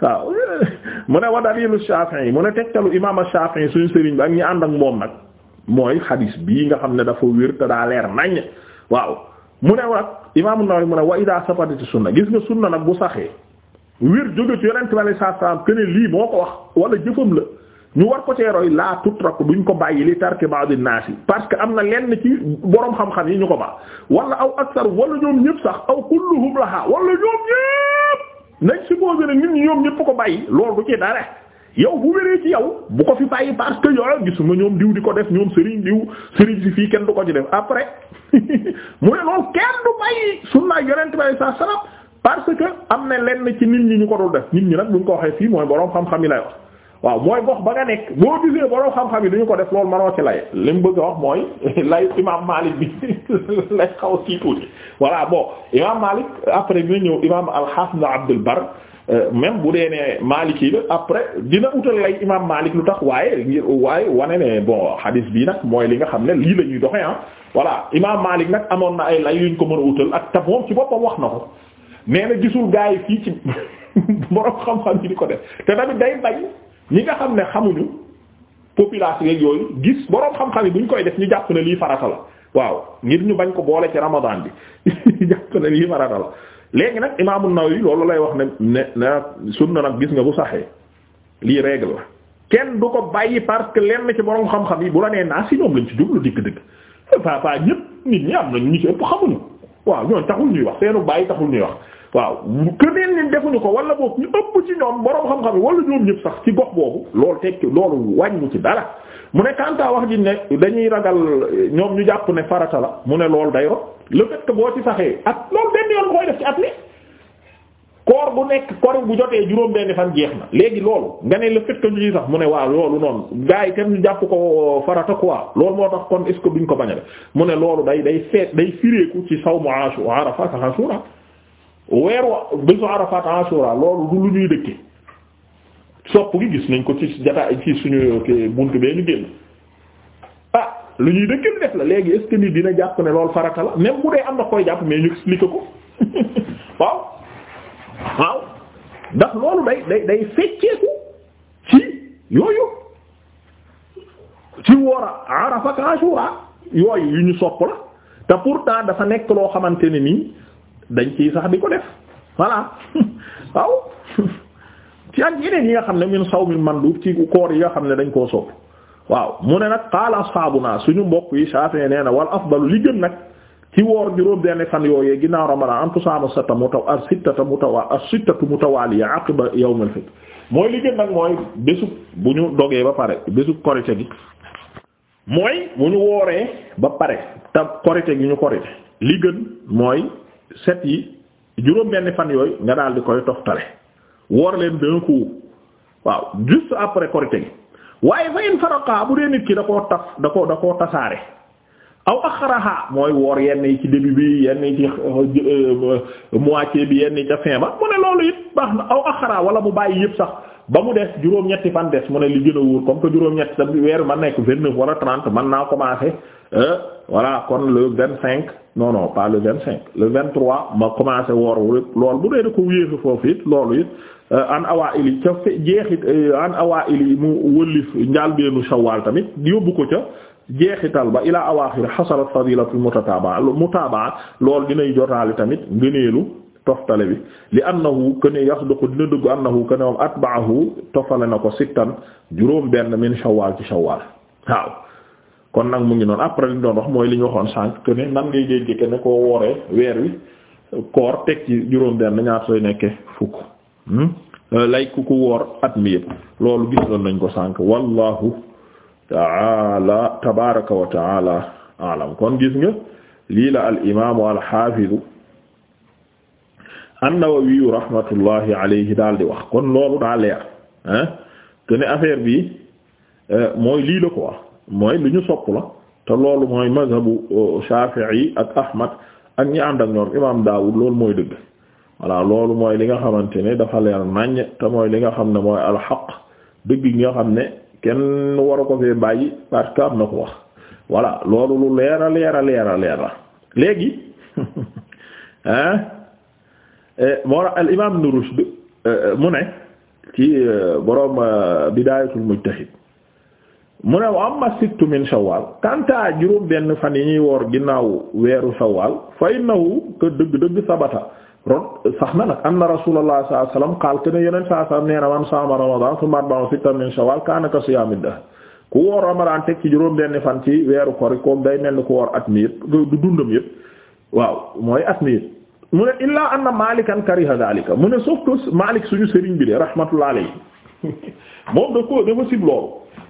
waaw mu ne wa dalilu Shafi'i mu ne tegtalu imaam Shafi'i suñu sëriñ bi ak ñi ànd ak moom nag mooy xadis bii nga xam ne dafa wér te daa leer naññ waaw mu ne nag imaam An-Nawawi mu ne wa idaa sabati sunna gis nga sunna nag bu saxee wér jóge ci yonent bi alayhi salaam que ne lii moo ko wax wala jëfam la ñu war ko cee roy laa tutrak duñ ko bàyyi li tarki ba'd an yi parce que am na lenn ci boroom xam-xam yi ñu ko baax wala aw aktar wala ñoom ñëpp sax aw kulluhum laha nañ supposé ne nit ñi ñoom ñëpp ko bàyyi loolu du ci dara yow bu wéree ci yow bu ko fi bàyyi parce que yow gisuma ñoom diw di ko def ñoom sëriñ diw sëriñ si fii kenn du ko ci def après mu ne loolu kenn du bàyyi sunna yonent bi sa sallam parce que am na lenn ci nit ñi ñu ko dul def nit ñi bu buñ ko waxee fii mooy boroom xam-xam yi lay wax waaw mooy gox ba nga nekk boo gisee borom xam-xam yi duñu ko def loolu manoo ci lay li mu bëgg a wax mooy lay imam Malik bi lay xaw si tuuti voilà bon imam après ñu ñëw imam al-Hafiz Abdul Bar euh, même bu dee ne Malik yi la après dina utal lay imam Malik lu tax waaye ngir waaye wane ne bon hadith bii nag mooy li nga xam ne lii la ñuy doxee ah voilà imam Malik nag amoon na ay lay yuñ ko mën a utal ak ta moom ci boppam wax na ko nee na gisul gaa yi fii ci borom xam-xam yi di ko def te tamit day bañ. ñi nga xam ne xamuñu population yeeg yooyu gis boroom xam-xam yi bu ñu koy def ñu jàpp ne lii farata la waaw ngir ñu bañ ko boole ci ramadan bi ñu jàpp ne lii farata la léegi nag imaam an yi loolu lay wax ne ne ne sunna nag gis nga bu saxee lii règle la kenn du ko bàyyi parce que lenn ci boroom xam-xam yi bu la nee naa si ñoom lañ ci jublu dikk-dikk papa ñëpp nit ñi am na ñu ñu ci ëpp xamuñu waaw ñooñu taxul ñuy wax seenu bàyyi taxul ñuy wax waaw keneen ñi defuñu ko wala boog ñu ëpp ci ñoom borom xam-xam yi wala ñoom ñëpp sax ci gox boobu loolu tekki loolu wàñ wàññi ci dara mu ne Kantaa wax ji ne dañuy ragal ñoom ñu jàpp ne farata la mu ne loolu day le fait que boo ci saxee at loolu benn at mi bu nekk koor bu jotee juróom benn fan jeex léegi loolu nga ne le fait mu ne waaw noonu gars yi kenn jàpp ko farata quoi loolu moo tax kon est ce ko bañ mu ne loolu day day feet day fireeku ci saw mu Ashura Arafa ak Ashura weer wa bésu Arafat Ashura loolu du lu ñuy dëkke sopp gi gis nañ ko ci jataay ci suñu buntu bee ñu génn ah lu ñuy dëkke lu def la léegi est dina jàpp ne loolu farata la même bu dee am na koy jàpp mais ñu expliqué ko waaw waaw ndax loolu day day day fecceeku ci yooyu ci woor Arafa ak yooyu yu ñu sopp la te temps dafa nekk loo xamante ne nii dañ kii sax di ko def voilà waaw ci ak yeneen yi nga xam ne min saw min mandub ci koor yi nga xam ne dañ koo sopp waaw mu ne nag qaala ashaabuna suñu mbokk yi Shafi'i nee na wal afdalu li gën nag ci woor juróom benn fan yooyee ginnaaw Ramadan an tusaama sata muta ak sittata mutawa ak sittatu mutawaaliya aqiba yawm mooy li gën nag mooy bésub bu ñu dogee ba pare bésub korite gi mooy bu ñu wooree ba pare te korite gi ñu korite li gën mooy set yi juróom benn fan yooyu nga daal di koy toftale woor leen d'un coup waaw juste après korite gi waaye fa in faraqa bu dee nit ki da koo taf da ko da koo tasaare aw axaraha mooy woor yenn yi ci début bi yenn yi ci euh, euh, moitié bi yenn yi ca fin ba mu ne loolu it baax na aw axara wala mu bàyyi yëpp sax ba mu des juróom-ñetti fan des mu ne li gën a wóor comme que juróom-ñetti tam weer ma nekk vingt neuf wala trente man naa commencé euh, voilà kon le vingt cinq non non le vingt cinq le vingt trois ma commencé woor wu loolu bu dee da ko wéexe foofu it loolu it an awaa ili ca jeexit an awaa ili mu wëllif njaalbeenu tamit yóbbu ko jeexital ba ilaa awaaxir xasarat fadilatul mutatabaa mutabaa loolu dinay jotaale tamit ngëneelu toftale bi li annahu këne yasduqu dina dëggu annahu këne moom atbaahu toftale na ko sittan juróom benn min shawaal ci shawaal waaw kon nag mu ngi noonu après li ñu doon wax mooy li ñu waxoon sànq que ne nan ngay dégg kenn ne koo wooree weer wi koor teg ci juróom-benn ñaar sooy nekkee fukk hmm? euh, lay ku ku woor at mi loolu gis nañ ko sànq wallahu taala tabaraka wa taala alam kon gis nga lii la al imaamu al xaafidu an-Nawawi rahmatullahi daal di wax kon loolu daa leer ah que ne affaire bi euh, mooy lii la ko wax mooy lu ñu sopp la te loolu mooy mazhabu euh, Shafi'i ak Ahmad ak ñi ànd ak ñoom imaam Daawud loolu mooy dëgg voilà loolu mooy li nga xamante ne dafa leer naññ te mooy li nga xam ne mooy alxaq dëgg gi nga xam ne. kenn waru ko fee bàyyi parce que am na ko wax voilà loolu lu leer a leer a leer a leer la léegi hein eh, moo la al imaam Ibn Rushd eh, mu ne ci eh, boroom bidaayatul mujtahid mu ne wa amma sittu juróom benn fan yi ñuy woor ginnaaw weeru shawwal fa innahu que dëgg dëgg sabata ron sax na nag anna rasulullah sallallahu alayhi wasallam qaal na man saama ramadan thumma arba'u sittan min shawwal kaana ka siyaami dahr ku woor ramadan teg ci juróom benn fan ci weeru koor yi koom day mel ni ku woor at mi yëpp du dundam yëpp waaw mooy at mi yëpp mu ne illaa anna malikan kariha dhalika mu ne sauf que Malik suñu sëriñ bi de rahmatullah alayhi moom da ko dafa loolu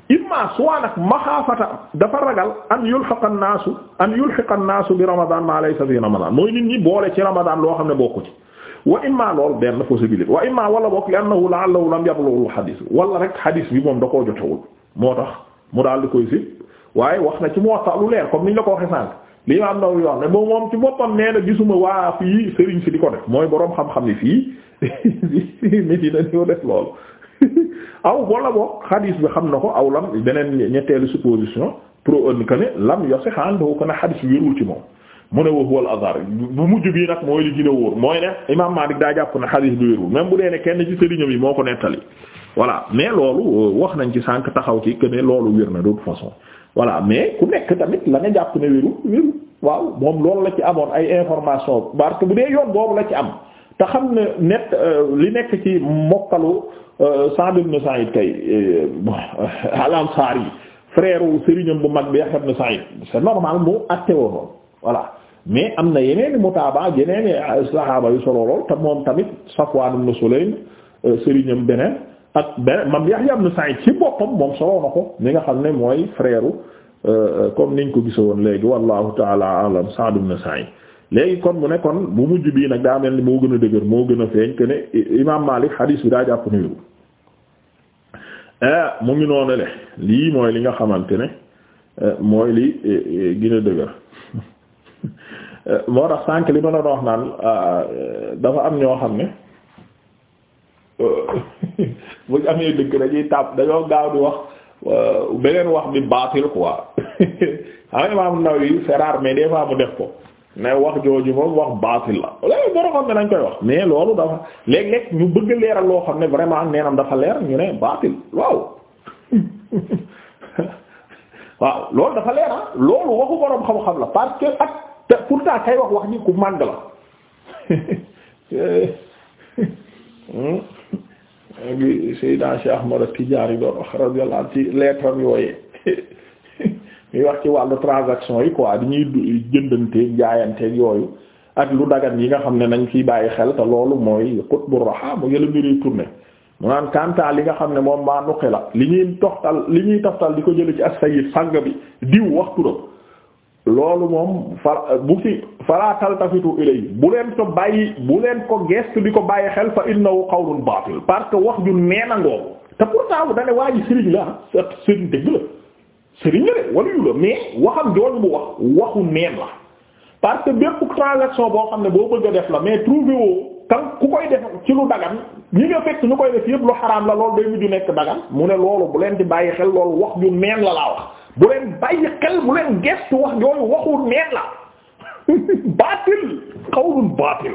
imma soit nag maxaafata dafa ragal an yulxiqa naasu an yulxiqa naasu bi ramadan ma laysa fi ramadan mooy nit ñi boole ci ramadan loo xam ne bokku ci wa imma lool benn possibilité wa imma wala bokk li annahu la'allahu lam yablughu xadis wala rek xadis bi moom da koo jotewul moo tax mu daal di koy si waaye wax na ci Muwatta lu leer comme niñ la ko waxee sànq li ma am ndaw yoo xam ne moom ci boppam nee na gisuma waa fii sëriñ si di ko def mooy boroom xam-xam ni fii nit yi dañoo def loolu aw wala boog xadis bi xam na ko aw lam beneen ñetteelu supposition pro que ne lam yosix àndoo ko ne xadis bi wérul ci moom mu ne wax wala azar bu mujj bii nag mooy li gën a wóor mooy ne imaam Maalik daa jàpp ne xadis bi wérul même bu dee ne kenn ci sëriñam yi moo ko nettali. voilà mais loolu euh, wax nañ ci sànq taxaw ci que ne loolu wér na d'autre façon voilà mais ku nekk tamit la nga jàpp ne wérul wérul waaw moom lool la ci amoon ay information parce que bu dee yoon boobu la ci am te xam ne net euh, li nekk ci mokkalu. Euh, Sa'd ibn Sa'id kay euh, al-Ansari frère wu sëriñam bu mag bi Yahya ibn Sa'id c'est normal mu àtte woon voilà mais am na yeneen mutaaba yeneen euh, saxaaba yu solo lool te moom tamit Safwan ibn Sulaym sëriñam beneen ak beneen mam Yahya ibn Sa'id ci boppam moom solo na ko ñi nga xam ne mooy frère comme niñ ko gisoon léegi wallahu ta'ala a'lam Sa'd ibn Sa'id léegi kon mu ne kon bu mujj bii nag daa mel ni moo gën a dëgër moo gën a feeñ que ne imaam Maalik xadiis bi daa jàpp niiru ah, mu ngi noonu le lii mooy li nga xamante ne eh, mooy li eh, gën a dëgër moo tax sànk li ma doon wax naan ah, eh, dafa am ñoo xam ne buñ amee na dañuy tàpp dañoo gaaw di wax beneen wax di baatil quoi xam nga Imaam Nawawi c'est rare mais des fois mu def ko mais wax jooju moom wax baatil la léegi boro xam ne dañ koy wax mais loolu dafa léeg-léeg ñu bëgg leeral loo xam ne vraiment neenam dafa leer ñu ne baatil waaw waaw loolu dafa leer ah loolu waxu boroom xam-xam la parce que ak te pourtant kay wax wax ji ku màgg la gi Seydina Cheikh Ahmad Tijaani doon wax radiyallahu ci lettre yooyee ñuy wax ci wàllu transaction yi quoi di ñuy jëndanteeg jaayanteeg yooyu ak lu dagan yi nga xam ne nañ ciy bàyyi xel te loolu mooy xutbu raxa mu yëla mbiri tourné mu naan kantaa li nga xam ne moom maa nuqi la li ñuy toxtal li ñuy toxtal di ko jële ci ak sayyid sang bi diw waxtu la loolu moom fa bu ci fala taltafitu ilay bu leen ko bàyyi bu leen ko gestu di ko bàyyi xel fa innahu qawlun baatil parce que wax ju neena ngoo te pourtant bu dane waa la ah sëriñ la de wala yu la mais waxam jooju bu wax waxu neen la parce que bépp soo boo xam ne boo ko a def la mais trouvé woo kan ku koy def ci lu dagan ñi nga fekk ñu koy def yëpp lu xaraam la loolu day mujju nekk dagan mu ne loolu bu leen di bàyyi xel loolu wax ju neen la laa wax bu leen bàyyi xel bu leen gestu wax jooju waxu neen la baatil xawlun baatil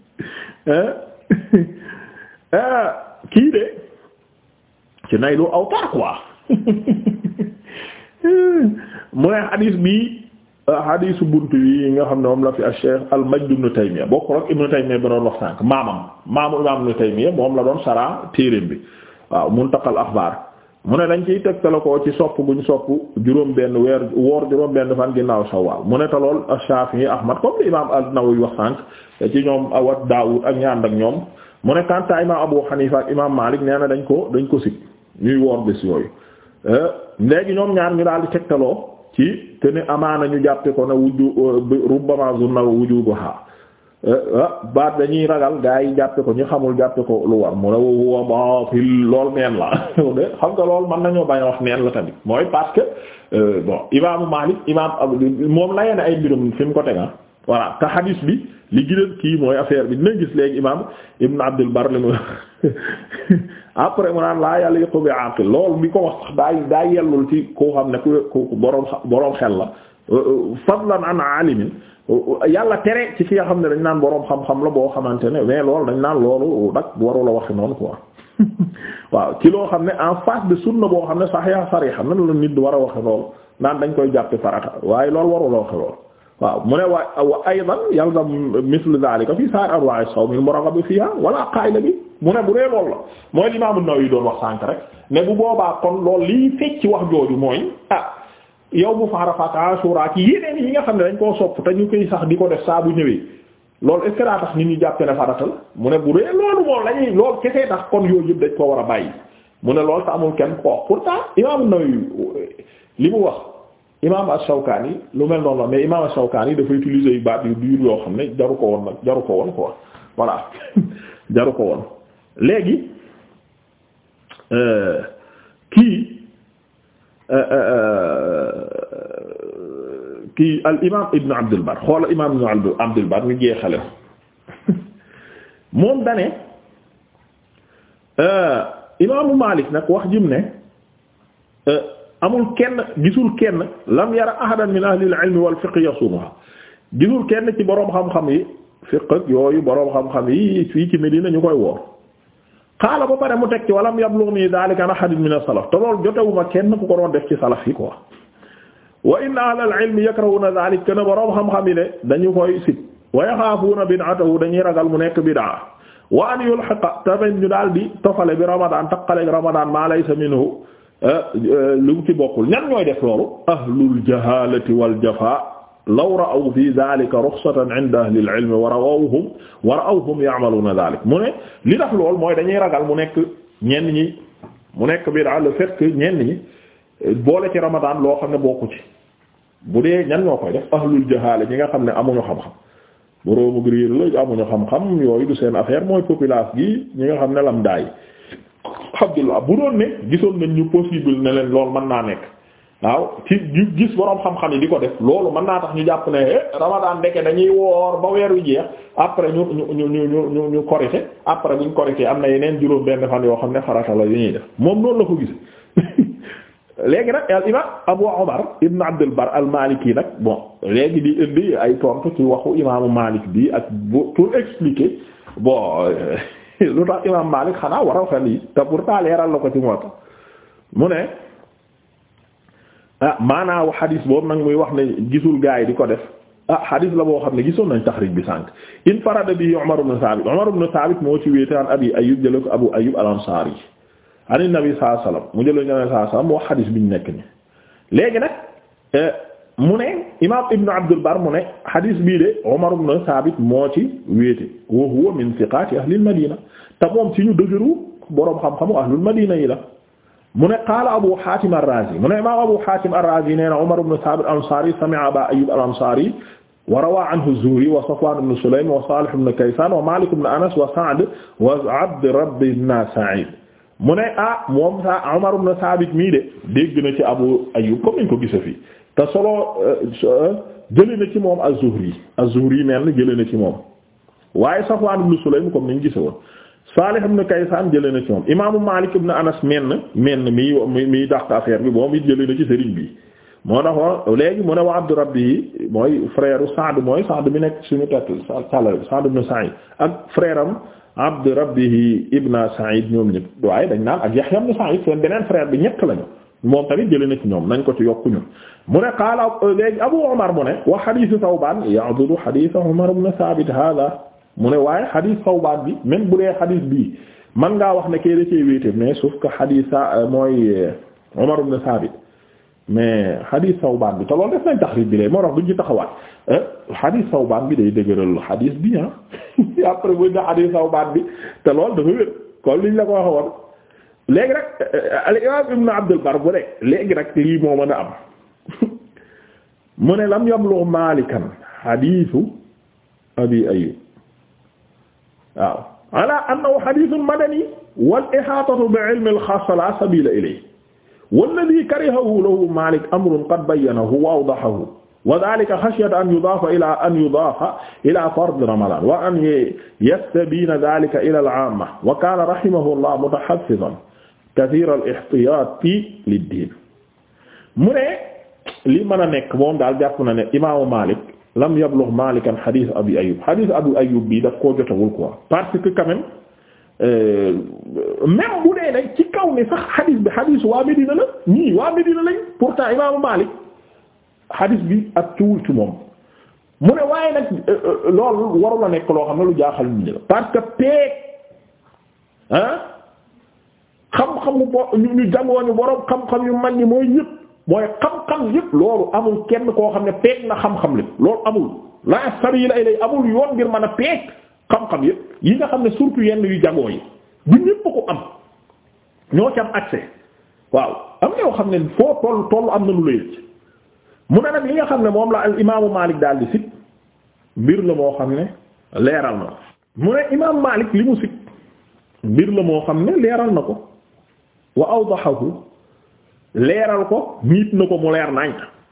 Ah. Ah, kii de ci nay lu awtar quoi mu ne xadiis bi xadiisu ah, bunt yi nga xam ne moom la fi Cheikh al-Majd ibn Taymiyya bokkul ak Ibn Taymiyya bi doon wax sànk maamam maamu imaam Ibn Taymiyya moom la doon sara téereem bi waaw Muntaqal Axbaar mu ne dañ ciy tegtale koo ci sopp ñu sopp juróom-benn weer woor juróom-benn fan ginnaaw Shawwal mu ne te lool Shafi'i Ahmad comme imaam an-Nawawi wax sànq ci ñoom awat Daawud ak ñand ak ñoom mu ne kanta imaam Abu Hanifa ak imaam Malik nee dañ ko dañ ko sit ñuy woor bés yooyu eh, léegi ñoom ñaar ñu daal di tegtaloo ci te ne amaana ñu jàppe ko ne wujju eh, rubbama zunna wujubuha Eh, ah, baat dañuy ragal gaa yi jàppe ko ñu xamul jàppe ko lu war mu ne wa baatil lool neen la xam nga lool mën nañoo bañ a wax neen la tamit mooy parce que eh, bon imaamu Maalik imaam moom layee na ay mbirum fi mu ko tega ah. voilà te hadis bi li gënal kii mooy affaire bi dinañ gis léegi imaam Ibn Abdul Bar li mu après mu naan laa yàlla yëpp bi àqil loolu bi ko wax sax daa daa yellul ci koo xam ne ku ku boroom boroom xel la eh, fadlan an aalimin yàlla tere ci ki nga xam ne dañ naan boroom xam-xam la boo xamante ne mais lool dañ naan loolu nag waru la waxe noonu ko waaw ci loo xam ne en face de na boo xam ne saxiya sariha nan la nit war a waxe loolu naan dañ koy jàppe farata waaye loolu waru la waxe loolu waaw mu wa aidan yalzam misle zalika fii saar anwaa sawm al muraghabi fiha wala qaida bi mu ne bu dee loolu la mooy li Imam An-Nawawi doon wax sànk rek mais bu boobaa kon lool lii fecc wax jooju mooy ah yawmu Arafat Ashura ak yeneen yi nga xam ne dañ koo sopp te ñu koy sax di ko def saabu bu ñëwee loolu est tax nit ñu jàppe ne farata la mu ne bu dee loolu moom lañuy loolu kese tax kon yooyu yëpp dañ koo war a bàyyi mu ne lool te amul kenn koo pourtant imaam Nawawi li mu wax imaam Ash-Shawkani lu mel noonu la mais imaam Ash-Shawkani dafa utiliser yu baat yu duur yoo xam ne jaru ko woon nag jaru ko woon quoi voilà jaru ko woon léegi euh, kii. Euh, euh, i al imaam Ibn Abdul Bar xoola imaam Ibn Abdul Bar ñu moom dane euh, imaamu Maalik nag wax jim ne euh, amul kenn gisul kenn lam yara ahadan min ahlil ilmi wal fiqh kenn ci boroom xam yi fiqh ak yooyu boroom xam-xam fii ci Medina ñu koy woor xaala ba pare mu teg ci walam yablu nii daalika an ahadin min as-salaf te loolu jotewuma kenn ku ko doon def ci salaf yi quoi wa inna ahlal ilmi yakrahuna dhalik kenn boroom xam-xam yi ne dañu koy sit wa yaxaafuuna bid'atahu dañuy ragal mu nekk bid'a wa an yulhiqa tamit ñu daal di tofale bi Ramadan taqaleeg Ramadan maa laysa minhu eh, eh, lu ci bokkul ñan ñooy def loolu ahlul jahalati wal jafaa law ra'aw fi dhalika rukhsatan 'inda ahli al-'ilm wa ra'awhum wa ra'awhum ya'maluna dhalik mu ne li tax lool mooy dañuy ragal mu nekk ñenn ñi mu nekk bid'a le fait que ñenn ñi eh, boole ci Ramadan loo xam ne bokku ci bu dee ñan ñoo koy def ahlul jahaala ñi nga xam ne amuñu xam-xam boroomu réer la amuñu xam-xam yooyu du seen affaire mooy populace gi ñi nga xam ne lam daay Abdullah bu doon ne gisoon nañ ñu possible ne leen loolu mën naa nekk waaw ci ñu gis boroom xam-xam yi di ko def loolu mën naa tax ñu jàpp ne eh, Ramadan ndeke dañuy woor ba weer wi jeex après ñu ñu ñu ñu ñu korite après buñ korite am na yeneen juróom benn fan yoo xam ne farata la yu ñuy def moom noonu la ko gis léegi nag al imam Abu Umar ibn Abdul Bar al-Maliki nag bon léegi di indi ay tontu ci waxu imaamu Malik bi ak pour expliquer bon euh, lu tax imam Malik xanaa war a waxal yi te pourtant leeral la ko ci moo tax mu ne ah maanaawu xadis boobu nag muy wax ne gisul gaa yi di ko def ah xadis la boo xam ne gisoon nañ taxrij bi sànq in farada bi Umar ibn Thabit Umar ibn Thabit moo ci wéete an Abi Ayyub jële ko Abu Ayyub al-Ansari ani nabi sallallahu alayhi wasallam mu jëloon nabi sallallahu alayhi wasallam wax xadis bi ñu nekk nii léegi nag eh, mu ne imaam Ibn Abdul Bar mu ne xadis bii de Umar ibn Saabit moo ci wéete wa huwa min thiqaati ahlil madina te moom ci ñu dëgëru boroom xam-xamu ahlul madina yi la. mu ne qaala Abu Hatim ar-Razi mu ne imaam Abu Hatim ar-Razi nee na Umar ibn Saabit al-Ansari sami'a Aba Ayyub al-Ansari wa rawaa anhu Zuhri wa Safwan ibn Sulaym wa Salih ibn Kaysan wa Malik ibn Anas wa Sa'd wa Abd Rabbi ibn Sa'id mu ne ah moom sa Umar na Sabit mii de dégg na ci Abu Ayyub comme niñ ko gisa fii te solo euh, jële na ci moom az-Zuhri az-Zuhri mel na jële na ci moom waaye Safwan ibn Sulaym comme niñ gisa woon Salih ibn Kaysan jële na ci moom imaamu Malik ibn Anas menn menn mi mii dàq affaire bi moom it jële na ci sëriñ bi moo taxoon léegi mu ne wa abdu rabbi yi mooy frère Saad mooy Saad mi nekk suñu tat sala Saad ibn Sa'id ak frère am abdu rabbihi ibn Sa'id ñoom ñëpp waaye dañ naan ak Yahya ibn Sa'id seen bi ñett lañu moom tamit jëlee na ci ñoom nañ ko ci yokku ñun mu ne qaala léegi Abu Umar mu ne wa hadith Thawban ya'dudu hadith Umar ibn Thabit hada mu ne waaye hadith Thawban bi même bu dee hadith bi man ngaa wax ne kee da cee wéete mais sauf que hadith mooy Umar ibn Thabit mais xadiis Sawbaan bi te loolu def nañ taxrib bi lay moo tax duñ ci taxawaat eh, xadiis Sawbaan bi day dëgëral xadiis bi ah après buñ na xadiis Sawbaan bi te loolu dafa wér kon liñ la ko waxe woon léegi rek eh, eh, al imaam ibn Abdul Barr bu ne léegi rek lii moo mën a am mu ne lam yablu Maalikan xadiisu Abi Ayyub waaw ala annahu xadiisun madani wal ihaatatu bi ilmi al xaas la sabiila ilayhi walladhi karihahu lahu Malik amrun qad bayyanahu wa awdahahu wa dhalika khashyata an yudaafa ila an yudaafa ila fard Ramadan wa an yastabina dhalika ila al-'amma wa kana rahimahullah mutahaffizan kathira al-ihtiyati lid-din mu ne li mën a nekk moom daal jàpp na ne imaamu Malik lam yablugh Malikan hadith Abi Ayyub hadith Abi Ayyub bi daf koo jotawul quoi parce que quand même Euh, même bu dee nag ci kaw ni sax xadis bi xadisu waa Medina la ñii waa Medina lañ pourtant imaamu Maalik xadis bi ak ciwul ci moom mu ne waaye nag euh, euh, loolu waru nekk loo xam ne lu jaaxal nit ñi la parce xam-xamu bo ñu jàngooñu boroom xam-xam yu mag ñi mooy yëpp mooy xam-xam yëpp loolu amul kenn koo xam ne peeg na xam-xam lépp loolu amul la sabila ilay amul yoon ngir mën a peeg xam-xam yépp yi nga xam ne surtout yenn yu jagoo yi du ñépp ko am ñoo ci am waaw am na yoo xam ne foo toll toll am na lu lay yëg mu ne nag li nga xam ne moom la al imaamu Maalik daal di sit mbir la moo xam ne leeral na mu ne imaam moo xam ne leeral na ko wa awdahahu leeral ko niit na ko mu leer na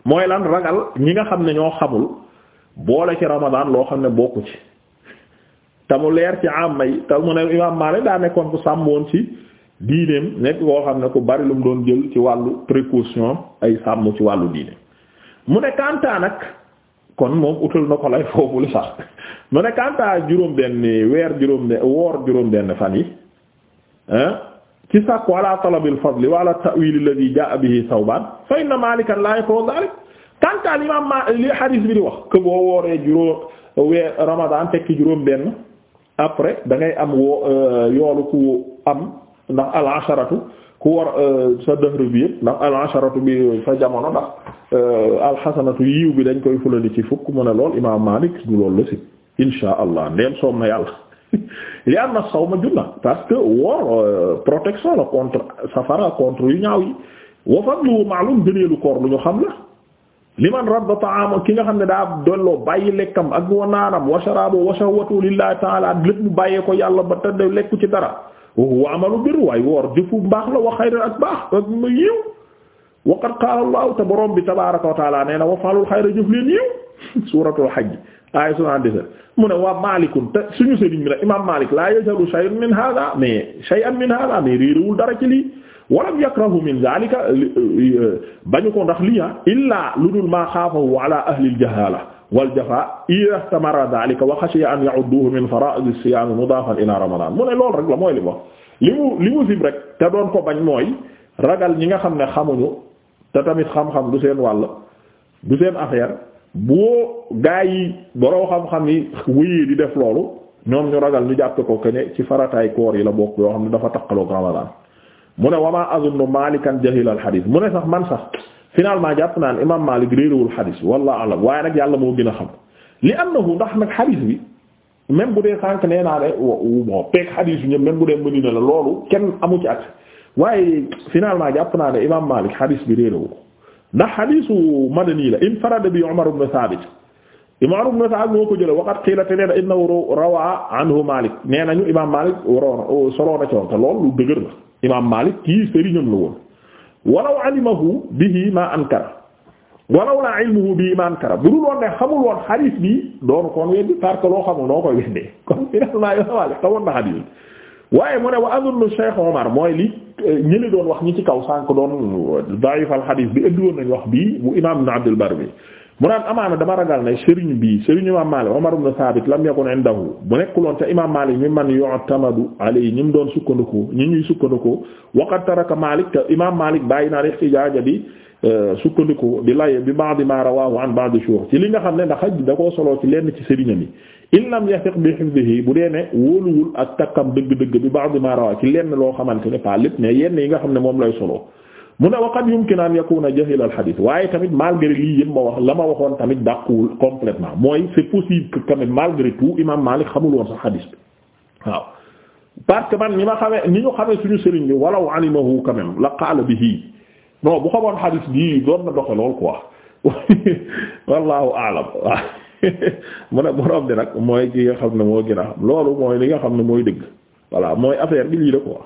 mooy lan ragal ñi nga xam ne ñoo xamul boole ci Ramadan loo xam ne bokk ci te mu leer ci amma yi te mu ne imaam Maalik daa nekkoon ku sàmm woon ci diineem nekk koo xam ne ku bari lu mu doon jël ci wàllu précaution ay sàmm ci wàllu diine mu ne Kantaa nag kon moom utal na ko lay foofu li sax mu ne Kantaa juróom-benn weer juróom woor juróom-benn fan yi ci sàkku ala talabil fadli wa ala ta'wil alladhi jaa bihi Thawbaan fa inna Maalikan laa yaqulu Kantaa li imaam li xadiis bi di wax que boo wooree juróom après da ngay am woo euh, yoolu ku am ndax al asharatu ku war euh, sa dëhër bi yëpp ndax al asharatu bi sa jamono ndax euh, alxasanatu yiw bi dañ koy fulandi ci fukk mu ne lool imaam Maalik du loolu si insha allah ndeen soom na yàlla li saw ma junna parce que woor protection la contre safara contre yu ñaaw yi wa fadlu ma'lum gëneelu koor lu ñu xam la li liman radda ta'ama ki nga xam ne daa dolloo bàyyi lekkam ak wa naanam wa sharabu wa shahwatu lillahi ta'ala lépp mu bàyyee ko yàlla ba tëdd lekku ci dara wa huwa amalu bir waaye woor jëfu mbaax la wa xayran ak baax ak ma yiw wa qad qaala allahu te borom bi tabaaraka wa ta'ala nee na wa fa'alul jëf leen yiw suuratul hajj aaya soixante-dix-sept mu ne waa maalikun te suñu sëriñ bi la imaam Maalik laa yajalu shay'un min hada mais shay'an min hada mais walam yakrahu min zalika euh, bañu ko ndax li ah, illa lu dul maa xaafahu ala ahli aljahala waljafa ida stamara dalika wa xashiya an ya'udduhu min fara'id as-siyam mudaafan ila ramadan mu ne loolu rek la mooy li mu li mu li mu sim rek te doon ko bañ mooy ragal ñi nga xam ne xamuñu te tamit xam-xam du seen wàll du seen affaire boo gaa yi boroo xam-xam yi wéyee di def loolu ñoom ñu ragal ñu jàppe ko ke ne ci farataay koor yi la bokk yoo xam ne dafa taqaloog ramadan mu ne wama azunnu malikan jahila al hadith mu ne sax man sax finalement jàpp naa ne imam Malik réeréwul hadith wallahu alam waaye nag yàlla moo gën a xam li annahu ndax nag hadith bi même bu dee sànq nee naa ne bon peeg hadith bi ñëpp même bu dee mëni na la loolu kenn amu ci at waaye finalement jàpp naa ne imam Malik hadith bi réeréwu ko ndax hadithu madani la infarada bi Umar ibn Thabit Imam Ibn Sa'd moo ko jëlee waqat xiila te nee na innahu rawaa anhu Malik nee nañu imam Malik waroon soloon na ci woon te loolu lu dëgër la imaam Maalik kii sëriñam la woon walaw alimahu bihi ma ankara walaw la ilmuhu bihi ma ankara bu dul ne waaye mu ne wa azunnu Cheikh Omar mooy li eh, ñële doon wax ñi ci kaw sànk doon da'if al xadiis bi indi woon nañ wax bii bu imaam Ibn Abdul Barr bi mu naan amaana dama ragal ne sëriñ bi sëriñu imaam Maalik Umar ibn Saabit lam yakun indahu bu nekkuloon te imaam Maalik mi man yu'tamadu alayhi ñu mu doon sukkandikoo ñi ñuy sukkandikoo waqad taraka Maalik te imaam Maalik bàyyi naa ihtijaaja bi euh, sukkandiku di laye bi ba'd ma rawahu an ba'd shuyuukh ci li nga xam ne ndax da koo solo ci lenn ci sëriñam yi in lam yafiq bi hifdihi bu dee ne wóoluwul ak takkam dëgg-dëgg bi ba'd ma rawa lenn loo xamante ne pas lépp mais yenn yi nga moom lay soloo mu ne waqad ki an yakuna jahil al hadith waaye tamit malgré lii yëpp ma wax la ma waxoon tamit dàquwul complètement mooy c'est possible que tamit malgré tout imam Malik xamul woon sax hadith bi waaw parce que man ni ma xamee ni ñu xamee suñu sëriñ bi walaw alimahu quand même la qaala bihi non bu xamoon hadith bii doon na doxe lool quoi wallahu a'lam waaw mu ne borom bi nag mooy ki xam ne moo gën a xam loolu mooy li nga xam ne mooy dëgg voilà mooy affaire bi lii la quoi.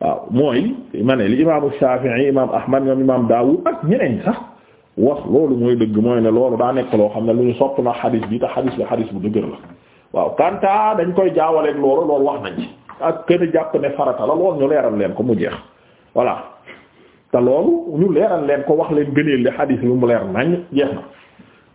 waaw mooy ma ne li imaamu Shafi'i imaam Ahmad ñoom imaam Daawud ak ñeneen sax wax loolu mooy dëgg mooy ne loolu daa nekk loo xam ne lu ñu sopp na xadis bi te xadis bi xadis bu dëgër waaw kanta dañ koy jaawaleeg loolu loolu wax nañ ci ak kenn jàpp ne farata la loolu ñu leeral leen ko mu jeex voilà te loolu ñu leeral leen ko wax leen gëneel li xadis bi mu leer nañ jeex na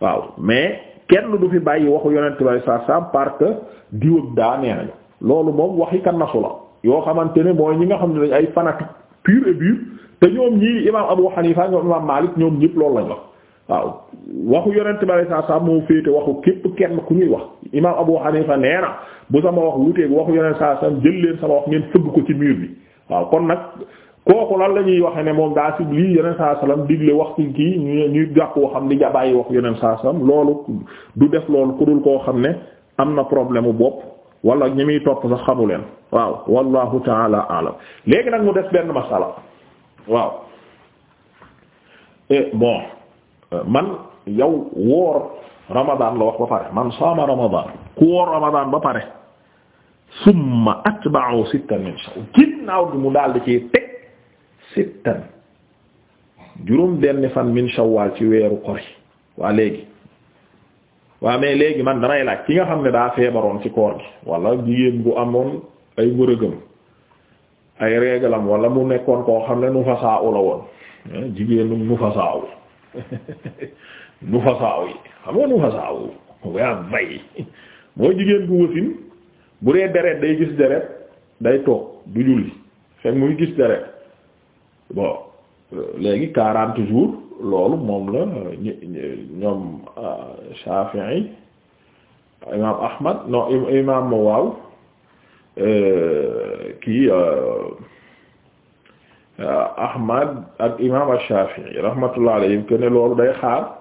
waaw mais kenn du fi bàyyi waxu yonent bi sallallahu alayhi wasallam parce que diw ak loolu moom waxi kan nasu la yoo xamante ne mooy ñi nga xam ne ay fanatique pur et dur te ñoom ñii imaam Abu Hanifa ñoom imaam Malik ñoom ñëpp loolu lañ waaw waxu yonent bi sallallahu alayhi wasallam moo féete waxu képp kenn ku ñuy wax imaam Abu Hanifa nee na bu sama wax wuteeg waxu yonent sallallahu alayhi jël leen sama wax ngeen fëgg ko ci mur bi waaw kon nag kooku lan la ñuy waxee ne moom daa si lii yonent sallallahu alayhi digle wax ci kii ñu ñuy jàpp woo xam di bàyyi wax yonent sallallahu alayhi wasallam loolu du def loolu ku dul koo xam ne am na problème bopp wala ñi muy topp sax xamu leen waaw wallahu taala alam léegi nag mu des benn masala waaw eh, man yow woor ramadan la wax ba pare man saama ramadan ku woor ramadan ba pare summa atba'u sittan min shaw ginnaaw gi mu daal di ciy sittan juróom benn fan min shawwal ci weeru kori waa léegi waa mais léegi man damay laaj ki nga xam ne daa feebaroon ci koor gi wala jigéen bu amoon ay ngërëgëm ay reegalam wala mu nekkoon koo xam ne nu fa saaw la woon eh, jigéenu nu fa saaw nu yi xam nga nu fa waa bay mooy jigéen gu wasin bu dee deret day gis deret day toog du julli fekk muy gis deret bon euh, léegi quarante jours loolu moom la ñoom ah, Shafi'i imaam Ahmad non imaam waaw euh, kii euh, euh, Ahmad ak imaam Shafi'i rahmatullah alayhim que ne loolu day xaar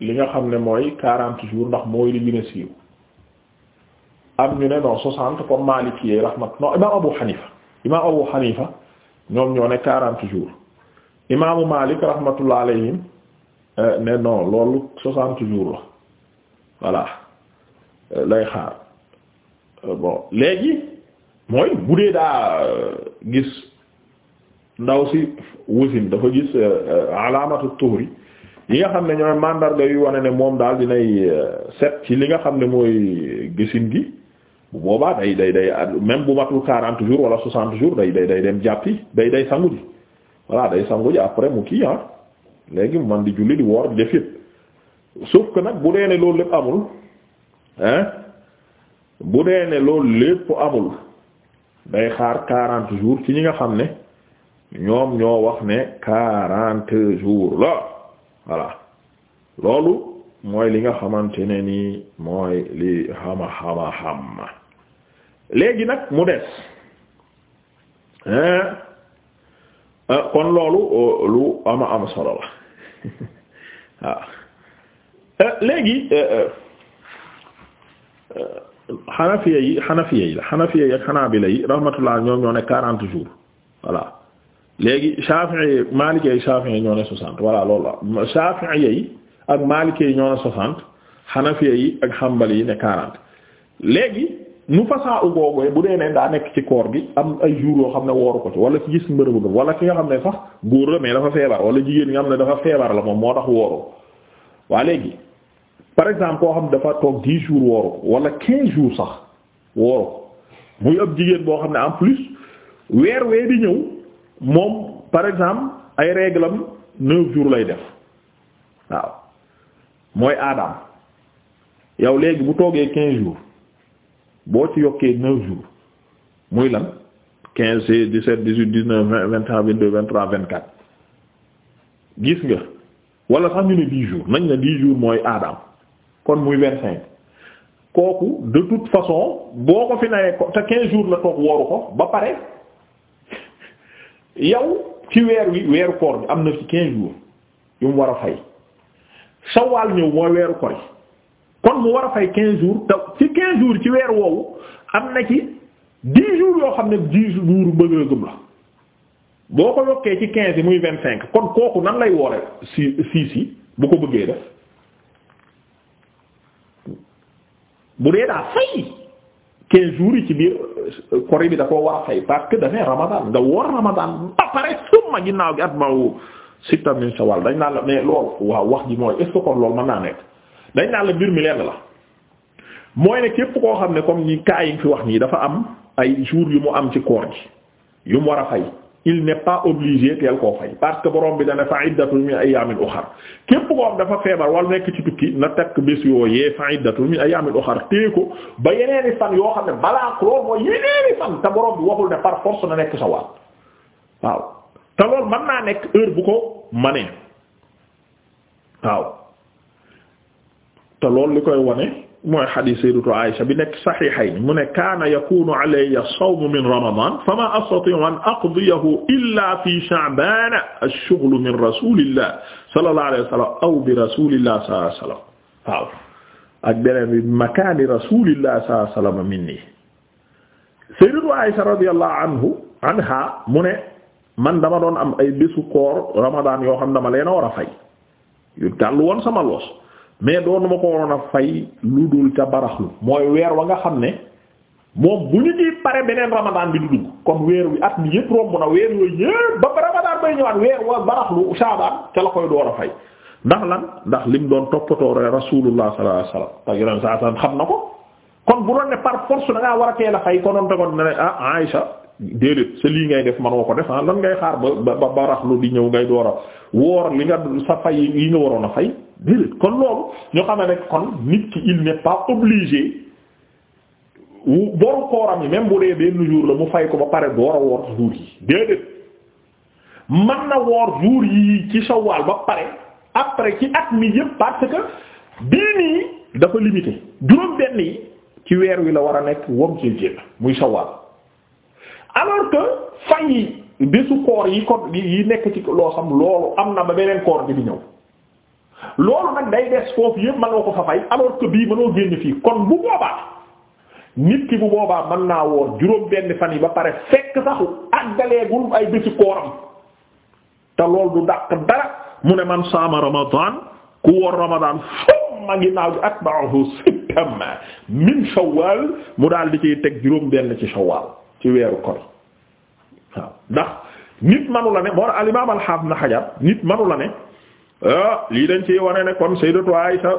li nga xam ne mooy quarante jours ndax mooy li gën a siiw am ñu ne non soixante comme Maliki rahmat non imaam Abu Hanifa imaam Abu Hanifa ñoom ñoo ne quarante jours. imaamu Malik rahmatullah alayhim eh, ne non loolu soixante jours la voilà eh, lay xaar eh, bon léegi mooy bu dee daa gis ndaw si wasin dafa gis alaamatu tuhri yi nga xam ne ñooy mandarga yu wane ne moom daal dinay set ci li nga xam ne mooy gisin gi bu boobaa day day day même bu matul quarante jours wala soixante jours day day day dem jàppi day day sangu voilà day sangu ji après mu kii ah léegi mu man di julli di woor di def yëpp nag bu dee ne loolu lépp amul hein bu dee ne loolu lépp amul day xaar quarante jours ci ñi nga xam ne ñoom ñoo wax ne quarante jours la voilà loolu mooy li nga xamante ne nii mooy li xama xama xama léegi nag mu des hein Eh, kon loolu lu ama am solo la waaw ah. eh, léegi xanafiya eh, yi xanafiya yi la xanafiya yi ak xanaabila yi rahmatullah ñoom ñoo ne quarante jours voilà léegi shafi'i maalikee yi shafi'i ñoo ne soixante voilà loolu la shafi'i yi ak maalikee yi ñoo ne soixante xanafiya yi ak xambali yi ne quarante léegi nu fasaa u googee bu dee ne daa nekk ci koor gi am ay jours yoo xam ne wooru ko ci wala ci gis mbërëbu bë wala ki nga xam ne sax góor la dafa feebar wala jigéen nga xam ne dafa feebar la moom moo tax wooru waa léegi par exemple koo xam ne dafa toog 10 jour wooru ko wala 15 jours sax wooru ko muy ab jigéen boo xam ne am plus weer wee di ñëw moom par exemple ay réglam 9 jours lay def waaw mooy aadam yow léegi bu toogee 15 jours boo ci yokkee neuf jours muy lan quinze seize dix-sept dix-huit dix-neuf vingt vingt et un vingt-deux gis nga walla sax ñu ne dix jours nañ ne dix jours mooy aadaam kon muy vingt-cinq kooku de toute façon boo ko fi nawee ko te quinze jours la toog wooru ko ba pare yow ci weer wi weeru koor bi am na ci quinze jours yu mu war a fay sawaal ñëw mooy weeru koor kon mu war a fay quinze jours te ci quinze jours ci weer woowu am na ci dix jours yoo xam ne dix jours bëgg-bëggum la boo ko yokkee ci quinze yi muy vingt cinq kon kooku nan lay woore si si si bu ko bëggee def bu dee daa fay quinze jours yi ci biir euh, kori bi da koo war a fay parce que dafay ramadan nga woor ramadan ba pare ginnaaw gi at ma wu sitta min dañ naan la mais loolu waaw wax ji mooy est kon loolu mën naa nekk. dañ naan la mbir mi lenn la mooy ne képp koo xam ne comme ni cas yi fi wax nii dafa am ay jours yu mu am ci koor gi yu mu war a fay il ne pas obligé teel koo fay parce que borom bi dana fa iddatu ay ayyamin ukhar képp koo xam dafa feebar wala nekk ci tukki na takk bés yoo yi fa iddatu min ayyamin ukhar téye ko ba yeneeni fan yoo xam ne balaa lool mooy yeneeni fan te borom bi waxul ne par na nekk sa waat waaw te loolu mën naa nekk heure bu ko manee te loolu li koy wane mooy xadiis sayyidatu Aïsha bi nekk saxiixayn mu ne kaana yakuunu alayya sawmu min ramadaan famaa astatii'u an aqdiyahu illaa fi sha'baan ash-shughlu min rasuulillah sallallahu alayhi wa sallam aw bi rasuulillah sallallahu alayhi wa sallam waaw ak beneen bi makaani rasuulillah sallallahu alayhi wa sallam minni sayyidatu Aïsha radiyallahu anhu anha mu ne man dama doon am ay bésu koor ramadaan yoo xam dama leen a war a fay yu dal woon sama loos mais doonu ma ko waroon a fay lu dul ca baraxlu mooy weer wa nga xam ne moom bu ñu ci pare beneen ramadan bi du dugg kon weer wi at mi yëpp romb na weer yooyu yëpp ba ramadan bay ñëwaat weer wa baraxlu saabaan ca la koy door a fay ndax lan ndax lim doon toppatoo rasulullah sallallahu alaihi wasallam te xam na ko kon bu doon ne par force da ngaa war a teel a fay konoon te kon ne ah Aïcha déedéet sa lii ngay def man ko def ah lan ngay xaar ba ba baraxlu di ñëw ngay door a woor li sa fay yi nga waroon a fay déedéet kon loolu ñoo xam ne kon nit ki il n'est pas obligé wu boru kooram yi même bu dee benn jour la mu fay ko ba pare door a woor jour yi déedéet mën na woor jour yi ci sawaal ba pare après ci at mi yëpp parce que bii nii dafa limité juróom benn yi ci weer wi la war a nekk wom ci jénn muy sawaal alors que fay yi bésu koor yi ko yi nekk ci loo xam loolu am na ba beneen koor gi di ñëw loolu nag day des foofu yëpp mënoo ko fa fay alors que bii mënoo génn fii kon bu boobaa nit ki bu boobaa mën naa woon juróom benn fan yi ba pare fekk saxu àggaleegul ay bési kooram te loolu du dàq dara mu ne man saama ramadan ku woor ramadan summa ginaaw gi atba'ahu sittam min shawwal mu daal di ciy teg juróom benn ci shawwal ci weeru koy waaw ndax nit manu la ne moo al imam al na xajar nit manu la ne Ah, lii dañ ci wane ne kon Sayyidatu Aisha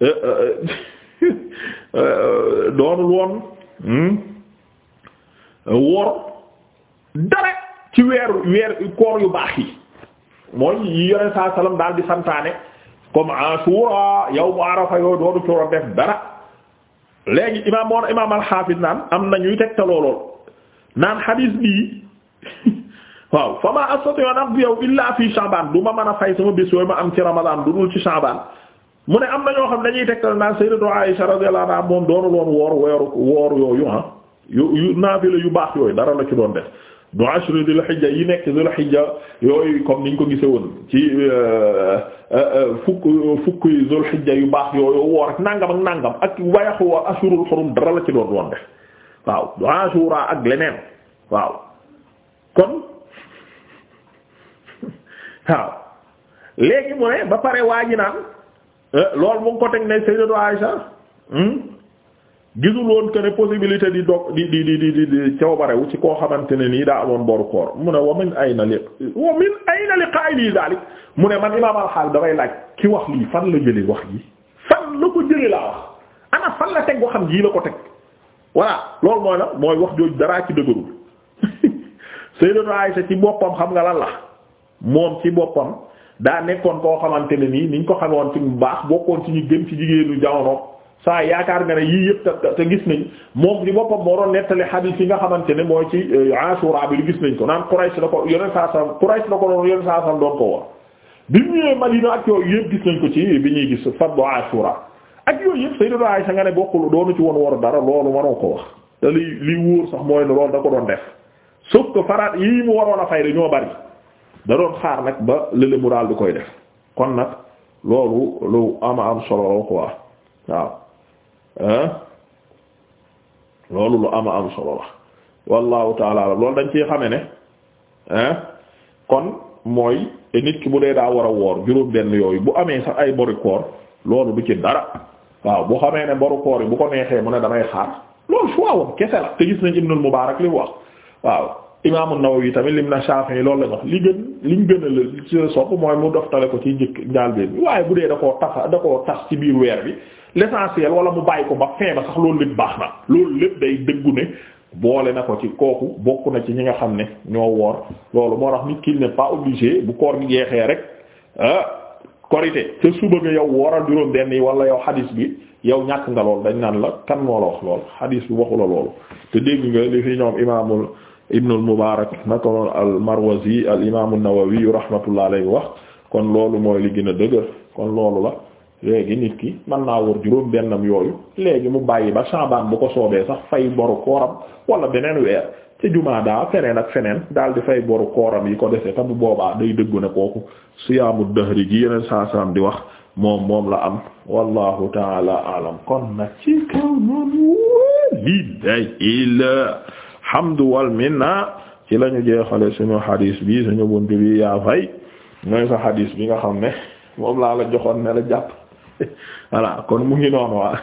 eh, eh, eh, doonul woon hmm, wor dara ci weer weer koor yu baax yi mooy yi yoneen saa salaam daal di santaane comme Ashura yawmu Arafa yooyu doonu ci a def dara léegi imaam moon imaam al naan am na ñuy tegtaloo lool naan hadis bii waaw fa ma astati an aqdi yow illa fi Sha'ban du ma mën a fay sama bés yooyu ma am ci Ramadan du dul ci Sha'ban mu ne am na ñoo xam ne dañuy tegtal naan Sayyidatu Aisha a anha moom doonul woon woor weeru woor yooyu ah yu yu naafila yu baax yooyu dara la ci doon def du ashri dul hijja yi nekk dul hijja yooyu comme niñ ko gisee woon ci euh, euh, euh, fukk fukk dul hijja yu baax yooyu woor ak nangam ak nangam ak wayaxu woor ashurul xurum dara la ci doon doon def waaw du ashura ak leneen waaw kon waaw léegi mu ne ba pare waa ji naan eh, loolu mu ngi ko teg ne Sayyidatu Aisha hmm, gisul woon que ne possibilité di dog di di di di di cawbarewu ci koo xamante ne nii daa amoon boru koor mu ne wa min ayna li wa min ayna li qaa'ili daalik mu ne man imaam al-Xaal dafay laaj ki wax lii fan la jële wax ji fan la ko jële laa wax ana fan la teg waxam jii la ko teg voilà loolu mooy la mooy wax jooju daraa ci dëgërul Sayyidatu Aisha ci boppam xam nga lan la moom ci boppam daa nekkoon koo xamante ne nii niñ ko xamoon ci mu baax bokkoon ci ñu gën ci jigéenu jamono saa yaakaar nga ne yii yëpp te gis nañ moom ci boppam moo doon nettali xadiis yi nga xamante ne mooy ci euh, Ashura bi gis nañ ko naan Quraysh la ko yoneen saa sam Quraysh la ko doon yoneen saa sam doon ko woon bi mu ñëwee Madina ak yooyu yëpp gis nañ ko ci bi ñuy gis faddu Ashura ak yooyu yëpp Sayyidatu Aisha nga ne bokkul doonu ci woon war dara loolu waroo ko wax te li li wóor sax mooy ne loolu da ko a fay dañoo bari da doon xaar nag ba lële mu daal du koy def kon nag loolu lu ama am solo quoi waaw loolu lu ama am solo la wallahu taala loolu dañ ci xame ne kon mooy nit ki bu dee daa war a woor juróom benn yooyu bu amee sax ay boru loolu du ci dara waaw bu xamee ne boru yi bu ko neexee mu ne damay xaar loolu fu awam kese la te gis nañ Ibnul Mubaarak li wax waaw imaamu Nawawi tamit lim na Shafi'i loolu lañ wax li gën liñ gën a la ci la sopp mooy mu doftale ko ci njëkk njaalbeen bi waaye bu dee da koo tax da koo tax ci biir weer bi l'essentiel wala mu bàyyi ko ba fin ba sax loolu lépp baax na loolu lépp day dëggu ne boole na ko ci kooku bokk na ci ñi nga xam ne ñoo woor loolu moo tax nit kii n'est pas obligé bu koor gi jeexee rek ah korité te suba nga yow wooral juróom benn yi wala yow xadis bi yow ñàkk nga lool dañ naan la kan moo la wax lool xadis bi ibnu al-Mubarak naka noonu al-Marwazi al-imaamu an-Nawawi rahmatullah alayhi wax kon loolu mooy li gën a dëgër kon loolu la léegi nit ki man naa wër juróom bennam yooyu léegi mu bàyyi ba Shaabaan bu ko soobee sax fay boru kooram wala beneen weer ci daa feneen ak feneen daal di fay boru kooram yi ko defee te bu boobaa day dëggu ne kooku siyaamu dahri gi yeneen saa salaam di wax moom moom la am wallahu taala alam kon nag ci kaw noonu lii day hamdu wal minna ci la ñu jeexale suñu xadiis bi suñu bunt bi yaa fay mooy sa xadiis bi nga xam ne moom laa la joxoon ne la jàpp voilà kon mu ngi noonu waa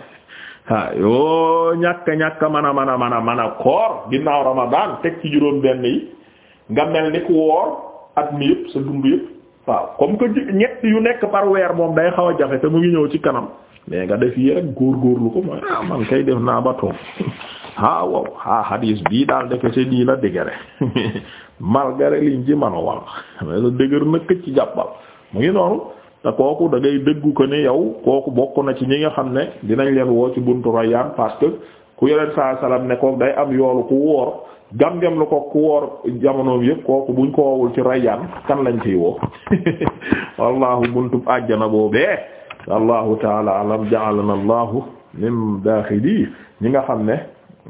ah yoo ñàkk ñàkk man a man man a man a koor ginnaaw Ramadan teg ci juróom benn yi nga mel ni ku woor at mi yëpp sa dund yëpp waaw comme que ñett yu nekk par weer moom day xaw a jafe te mu ngi ñëw ci kanam mais nga def yi rek góorgóorlu ko mooy ah man kay def naa ba toog ah wow ah hadis bii daal defe ci nii la dëgëre malgré liñ ci mën a wax mais la dëgër na këcc jàppal mu ngi noonu te kooku da dëggu ko ni yow kooku bokk na ci ñi nga xam ne dinañ leen woo ci buntu Rayaan parce que ku yeneen saa salaam ne kooku day am yoolu ku woor gam-gam lu ko ku woor jamonoom yëpp kooku buñ ko woowul ci Rayaan kan lañ ciy woo wallaahu buntu àjjana boobee. allahu taala alam ja'alana allahu min daaxili ñi nga xam ne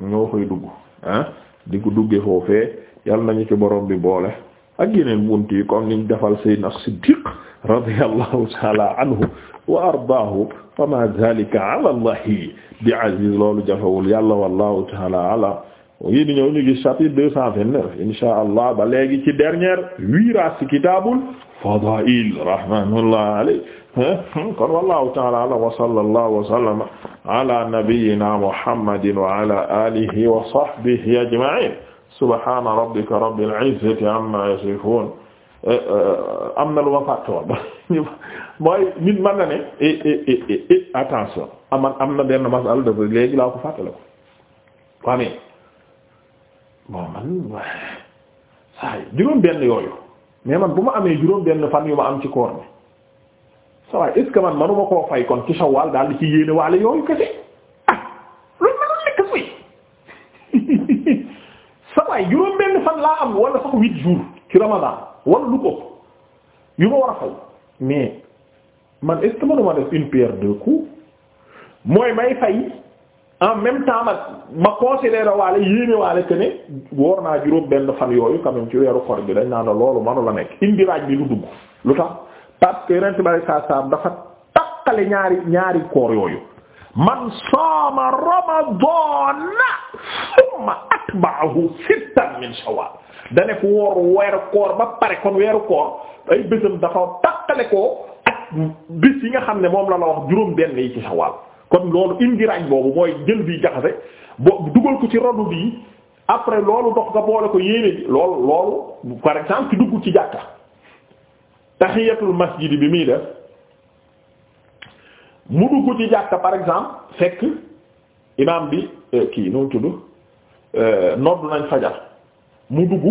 ñoo koy dugg ah di ko dugge foofee yal nañu ki borom bi boole ak yeneen bunt yi comme niñ defal sayyidina Siddiq radiyallahu taala anhu wa ardaahu fa ma zalika ala allahi bi aziz loolu jafewul yàlla wallahu taala ala yi di ñëw ñu gis chapitre deux cent vingt-neuf insha allah ba léegi ci dernière virage ci kitaabul fadaa'il rahmatullah alayhi Hmm, kon wallahu ta'ala a'lam wa sallallahu wa sallama ala nabiyyina muhammadin wa ala alihi wa sahbihi ajma'in subhana rabbika rabbil izzati amma yasifun eh, eh, am na lu ma fàttewoon mooy nit mën na ne eh, attention aman am na benn masal dafa léegi laa ko fàttale ko waa mais bon man saay juróom benn yooyu mais man bu ma amee juróom benn fan yu ma am ci koor bi sawaay est-ce man manuma koo fay kon ci Shawwal daal di ci yéene waale yooyu kese ah loolu mënoon ci Ramadan wala lu ko ma war a fay mais def une pierre deux coups en même temps nag ma considérer waale yéene waale que ne naa juróom benn fan yooyu quand même ci weeru koor bi dañ naa ne loolu manu la nekk indi bi lu dugg lu tax parce que yonent bi saa saam dafa takkale ñaari ñaari koor yooyu man saama ramadaana summa atba'ahu sittan min shawwal da ne woor weeru koor ba pare kon weeru koor ay bésam dafa takkale ko ak bis yi nga xam ne moom la la wax juróom benn yi ci shawwal kon loolu indiraañ boobu mooy jël bi jaxase boo dugal ko ci radu bi après loolu dox nga boole ko yéene bi loolu loolu par exemple ci dugg ci jàkka tahiyatul masjid bi muy def mu dugg ci jàkka par exemple fekk imam bi euh, kii nu mu tudd euh, nodd nañ fajar mu dugg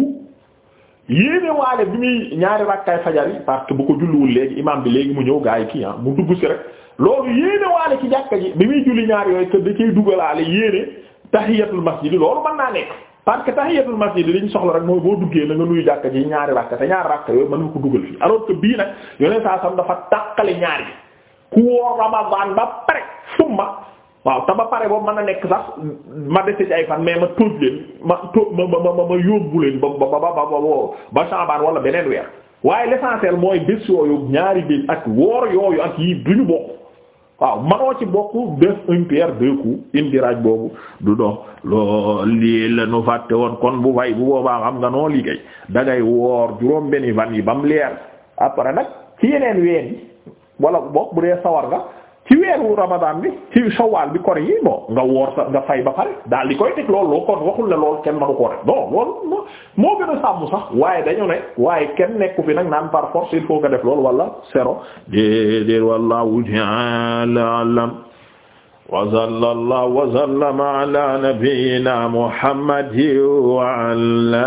yéene waale bi muy ñaari rakkaay fajar yi parce que bu ko julliwul léegi imam bi léegi mu ñëw gaa kii ah mu dugg si rek loolu yéene ci jàkka ji bi muy julli ñaar yooyu te da cay dugalaale yéene tahiyatul masjid loolu mën naa nekk. parce que tahiyatul masjid li ñu soxla rek mooy boo duggee na nga nuyu jàkka ji ñaari rakka te ñaari rakka yooyu mën nga ko dugal fii alors que bii nag yoneen saa sam dafa tàqale ñaar yi ku woor ramadan ba pare summa waaw te ba pare boobu mën a nekk sax ma dese ci ay fan mais ma tóoj leen ma tó ma ma ma ma yóbbu leen ba ba ba ba ba Shaabaan wala beneen weer waaye l'essentiel mooy bés yooyu ñaari bés ak woor yooyu ak yi duñu bokk. waaw manoo ci bokk def une pierre deux indiraaj boobu du dox lool lii la nu fàtte woon kon bu fay bu boobaa xam nga noo liggéey dangay woor juróom benni fan yi ba mu leer après nag ci yeneen ween yi wala bokk bu dee sawar nga ci weeru Ramadan bi ci Shawwal bi kor yi bon nga woor nga fay ba daal di koy teg loolu loo kon waxul kenn manu ko def bon loolu moo gën a sàmm sax waaye dañu waaye kenn nekku fi nag naan par force il faut def loolu wala sero déedéet wallahu ta'ala wa sallallahu wa sallama ala nabiyyina muhammadin wa ala